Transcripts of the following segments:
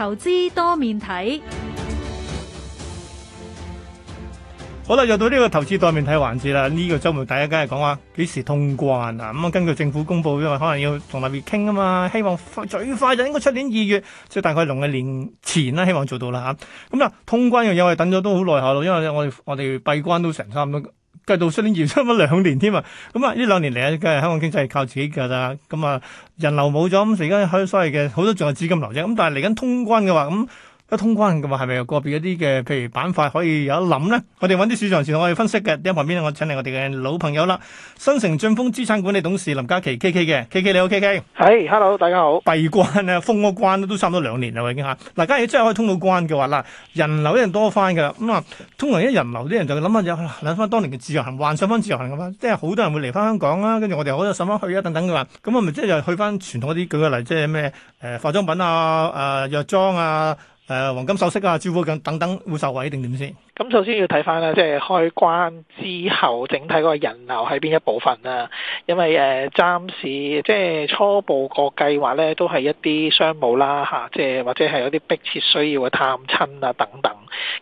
投資多面睇，好啦，又到呢個投資多面睇環節啦。呢、這個周末大家梗係講話幾時通關啊？咁啊，根據政府公布，因為可能要同特別傾啊嘛，希望快最快就應該出年二月，即、就、係、是、大概農曆年前啦、啊，希望做到啦吓、啊。咁、嗯、啦，通關嘅嘢，我哋等咗都好耐下咯，因為我哋我哋閉關都成三多。繼續失戀延差唔多兩年添啊！咁、嗯、啊，呢兩年嚟啊，梗係香港經濟係靠自己㗎啦。咁、嗯、啊、嗯嗯嗯嗯，人流冇咗，咁而家香港所謂嘅好多仲有資金流啫。咁、嗯嗯、但係嚟緊通關嘅話，咁、嗯。一通關嘅話，係咪有個別一啲嘅，譬如板塊可以有一諗咧？我哋揾啲市場先，我哋分析嘅。喺旁邊我請嚟我哋嘅老朋友啦，新城晉峰資產管理董事林嘉麒 K K 嘅，K K 你好，K K，係、hey,，hello，大家好。閉關啊，封咗關、啊、都差唔多兩年啦，已經嚇。嗱，假如真係可以通到關嘅話啦，人流一定多翻嘅，咁啊，通常一人流啲人就諗翻就諗翻當年嘅自由行，幻想翻自由行咁翻，即係好多人會嚟翻香港啦。跟住我哋可以上翻去啊，去等等嘅、啊、嘛。咁我咪即係去翻傳統啲，舉個例，即係咩誒化妝品啊，誒、呃、藥妝啊。誒黃金、首飾啊、珠寶等等會受惠定點先？咁首先要睇翻啦，即係開關之後，整體嗰個人流喺邊一部分啊？因為誒暫時即係初步個計劃咧，都係一啲商務啦嚇，即係或者係有啲迫切需要嘅探親啊等等，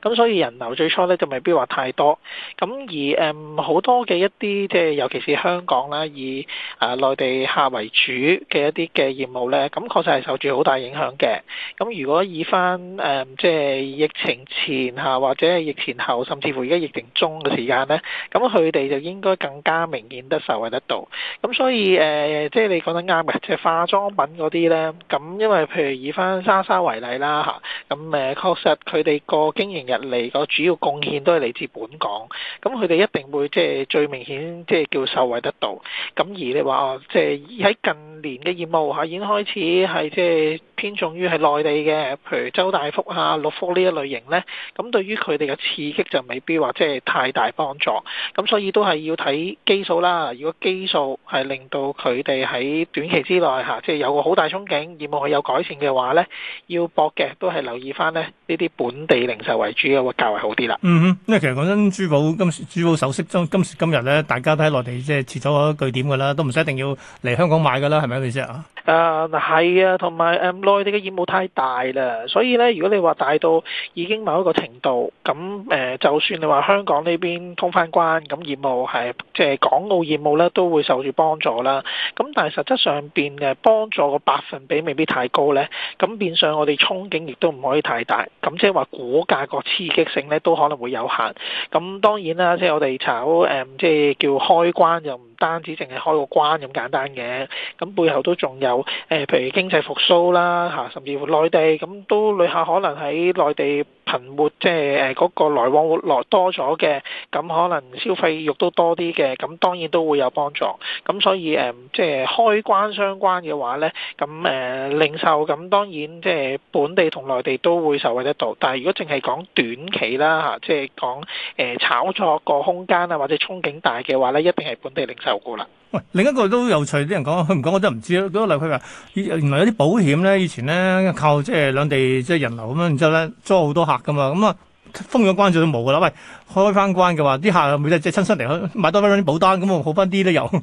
咁所以人流最初咧就未必話太多，咁而誒、嗯、好多嘅一啲即係尤其是香港啦，以誒、呃、內地客為主嘅一啲嘅業務咧，咁確實係受住好大影響嘅。咁如果以翻誒、嗯、即係疫情前嚇，或者係疫情後，甚至乎而家疫情中嘅時間咧，咁佢哋就應該更加明顯得受惠得到。咁所以誒即係你講得啱嘅，即係化妝品嗰啲咧，咁因為譬如以翻莎莎為例啦嚇，咁誒確實佢哋個經歡迎入嚟，個主要貢獻都係嚟自本港，咁佢哋一定會即係最明顯，即係叫受惠得到。咁而你話哦，即係喺近年嘅業務吓已經開始係即係。偏重於係內地嘅，譬如周大福啊、六福呢一類型咧，咁對於佢哋嘅刺激就未必話即係太大幫助。咁所以都係要睇基數啦。如果基數係令到佢哋喺短期之內嚇，即、啊、係、就是、有個好大憧憬，業務有,有改善嘅話咧，要搏嘅都係留意翻咧呢啲本地零售為主嘅會較為好啲啦。嗯哼，因為其實講真，珠寶今時珠寶首飾中今時今日咧，大家都喺內地即係設咗據點噶啦，都唔使一定要嚟香港買噶啦，係咪啊，李生啊？啊，係啊，同埋誒內地嘅業務太大啦，所以咧，如果你話大到已經某一個程度，咁誒、呃、就算你話香港呢邊通翻關，咁業務係即係港澳業務咧都會受住幫助啦。咁但係實質上邊嘅幫助個百分比未必太高咧，咁變相我哋憧憬亦都唔可以太大，咁即係話股價個刺激性咧都可能會有限。咁當然啦，即係我哋炒誒、嗯、即係叫開關又唔單止淨係開個關咁簡單嘅，咁背後都仲有。誒，譬如經濟復甦啦，甚至乎內地咁都旅客可能喺內地頻活，即係嗰個來往來多咗嘅，咁可能消費欲都多啲嘅，咁當然都會有幫助。咁所以即係、誒、開關相關嘅話咧，咁零售咁當然即係本地同內地都會受惠得到。但係如果淨係講短期啦，即係講炒作個空間啊，或者憧憬大嘅話咧，一定係本地零售股啦。喂，另一個都有趣，啲人講，佢唔講，我真係唔知咯。嗰例佢如話，原來有啲保險咧，以前咧靠即係兩地即係人流咁樣，然之後咧租好多客噶嘛，咁啊封咗關就都冇噶啦。喂，開翻關嘅話，啲客咪即係親身嚟去買多翻啲保單，咁啊好翻啲都有。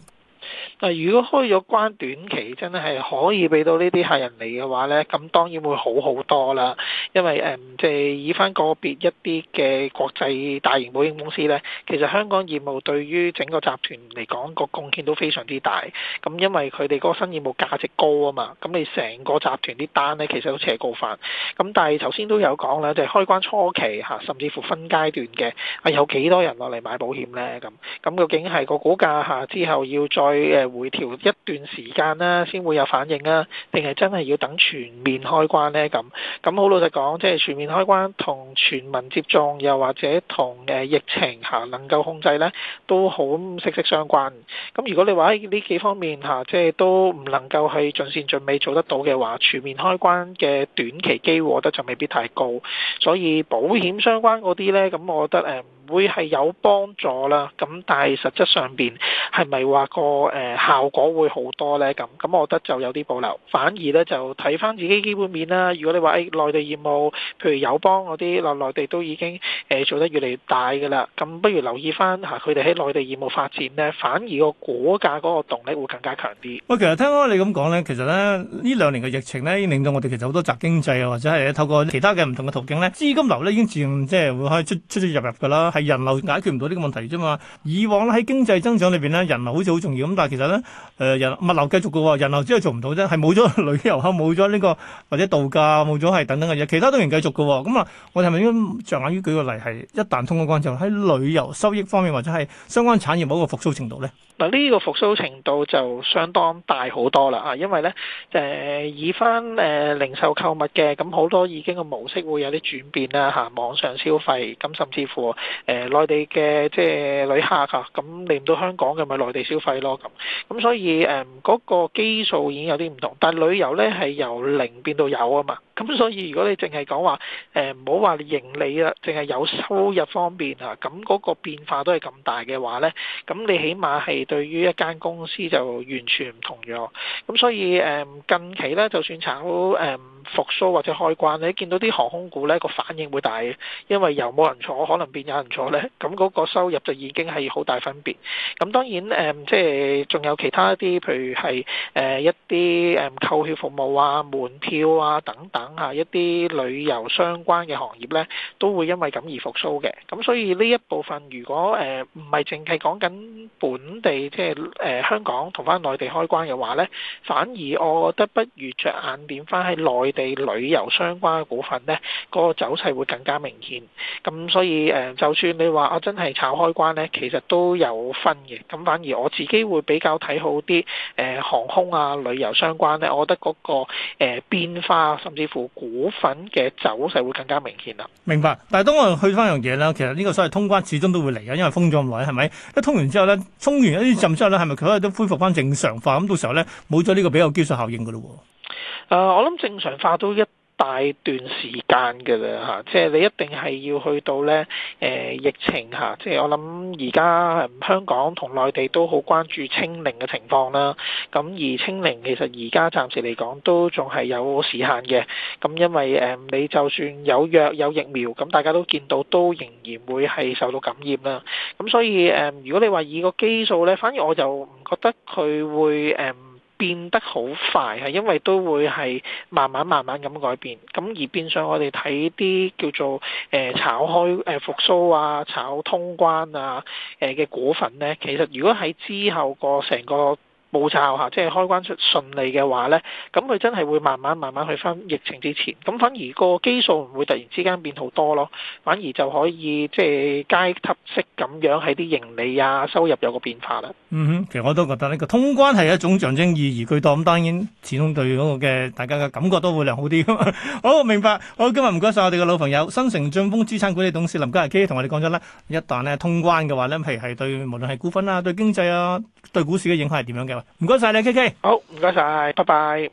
如果開咗關，短期真係可以俾到呢啲客人嚟嘅話呢，咁當然會好好多啦。因為誒，即係以翻個別一啲嘅國際大型保險公司呢，其實香港業務對於整個集團嚟講個貢獻都非常之大。咁因為佢哋嗰個新業務價值高啊嘛，咁你成個集團啲單呢，其實都斜高翻。咁但係頭先都有講啦，就係開關初期甚至乎分階段嘅，有幾多人落嚟買保險呢？咁咁究竟係個股價下之後要再？誒回調一段時間啦，先會有反應啊，定係真係要等全面開關呢？咁咁好老實講，即係全面開關同全民接種，又或者同疫情下能夠控制呢，都好息息相關。咁如果你話喺呢幾方面下，即係都唔能夠去盡善盡美做得到嘅話，全面開關嘅短期機會，我覺得就未必太高。所以保險相關嗰啲呢，咁我覺得誒。會係有幫助啦，咁但係實質上邊係咪話個誒效果會好多咧？咁咁我覺得就有啲保留。反而咧就睇翻自己基本面啦。如果你話誒內地業務，譬如友邦嗰啲落內地都已經誒做得越嚟越大噶啦，咁不如留意翻吓佢哋喺內地業務發展咧，反而個股價嗰個動力會更加強啲。喂，其實聽開你咁講咧，其實咧呢兩年嘅疫情咧，令到我哋其實好多宅經濟啊，或者係透過其他嘅唔同嘅途徑咧，資金流咧已經自然即係會可以出出出入入噶啦。係人流解決唔到呢個問題啫嘛。以往咧喺經濟增長裏面，咧，人流好似好重要咁，但係其實咧，誒、呃、人物流繼續嘅喎，人流只係做唔到啫，係冇咗旅遊冇咗呢個或者度假，冇咗係等等嘅嘢，其他都仍然繼續嘅喎。咁啊，我哋係咪應該著眼於舉個例係一旦通關之後，喺旅遊收益方面或者係相關產業某個復甦程度咧？嗱，呢個復甦程度就相當大好多啦啊，因為咧誒，以翻誒，零售購物嘅咁好多已經嘅模式會有啲轉變啦嚇，網上消費咁，甚至乎誒內地嘅即係旅客啊，咁嚟唔到香港嘅咪內地消費咯咁，咁所以誒嗰個基數已經有啲唔同，但係旅遊咧係由零變到有啊嘛，咁所以如果你淨係講話誒，唔好話盈利啦，淨係有收入方面啊，咁嗰個變化都係咁大嘅話咧，咁你起碼係。對於一間公司就完全唔同咗，咁所以誒近期呢，就算炒誒。復甦或者開關，你見到啲航空股咧，個反應會大嘅，因為由冇人坐可能變有人坐咧，咁嗰個收入就已經係好大分別，咁當然誒即係仲有其他一啲，譬如係誒、呃、一啲誒購票服務啊、門票啊等等吓，啊、一啲旅遊相關嘅行業咧，都會因為咁而復甦嘅。咁所以呢一部分如果誒唔係淨係講緊本地，即係誒香港同翻內地開關嘅話咧，反而我覺得不如着眼點翻喺內地地旅遊相關嘅股份咧，嗰個走勢會更加明顯。咁所以誒，就算你話啊，真係炒開關咧，其實都有分嘅。咁反而我自己會比較睇好啲誒航空啊、旅遊相關咧。我覺得嗰個誒變化甚至乎股份嘅走勢會更加明顯啦。明白。但係當我去翻樣嘢咧，其實呢個所謂通關始終都會嚟嘅，因為封咗咁耐係咪？一通完之後咧，通完一啲浸之後咧，係咪佢都都恢復翻正常化？咁到時候咧，冇咗呢個比較基礎效應嘅咯喎。誒、呃，我諗正常化都一大段時間噶啦吓，即係你一定係要去到咧誒、呃，疫情吓、啊，即係我諗而家香港同內地都好關注清零嘅情況啦。咁、啊、而清零其實而家暫時嚟講都仲係有時限嘅。咁、啊、因為誒、呃，你就算有藥有疫苗，咁、啊、大家都見到都仍然會係受到感染啦。咁、啊、所以誒、呃，如果你話以個基數咧，反而我就唔覺得佢會誒。呃變得好快，係因為都會係慢慢慢慢咁改變，咁而變相我哋睇啲叫做誒炒開誒復蘇啊、炒通關啊誒嘅股份咧，其實如果喺之後個成個。步驟嚇，即係開關出順利嘅話咧，咁佢真係會慢慢慢慢去翻疫情之前，咁反而個基數唔會突然之間變好多咯，反而就可以即係階梯式咁樣喺啲盈利啊、收入有個變化啦。嗯哼，其實我都覺得呢個通關係一種象徵意義巨大，咁當然始終對嗰嘅大家嘅感覺都會良好啲噶嘛。好，明白。好，今日唔該晒我哋嘅老朋友新城晉峰資產管理董事林嘉麒，同我哋講咗啦，一旦咧通關嘅話咧，譬如係對無論係股份啊、對經濟啊、對股市嘅影響係點樣嘅。唔該晒你，K K，好，唔該晒，拜拜。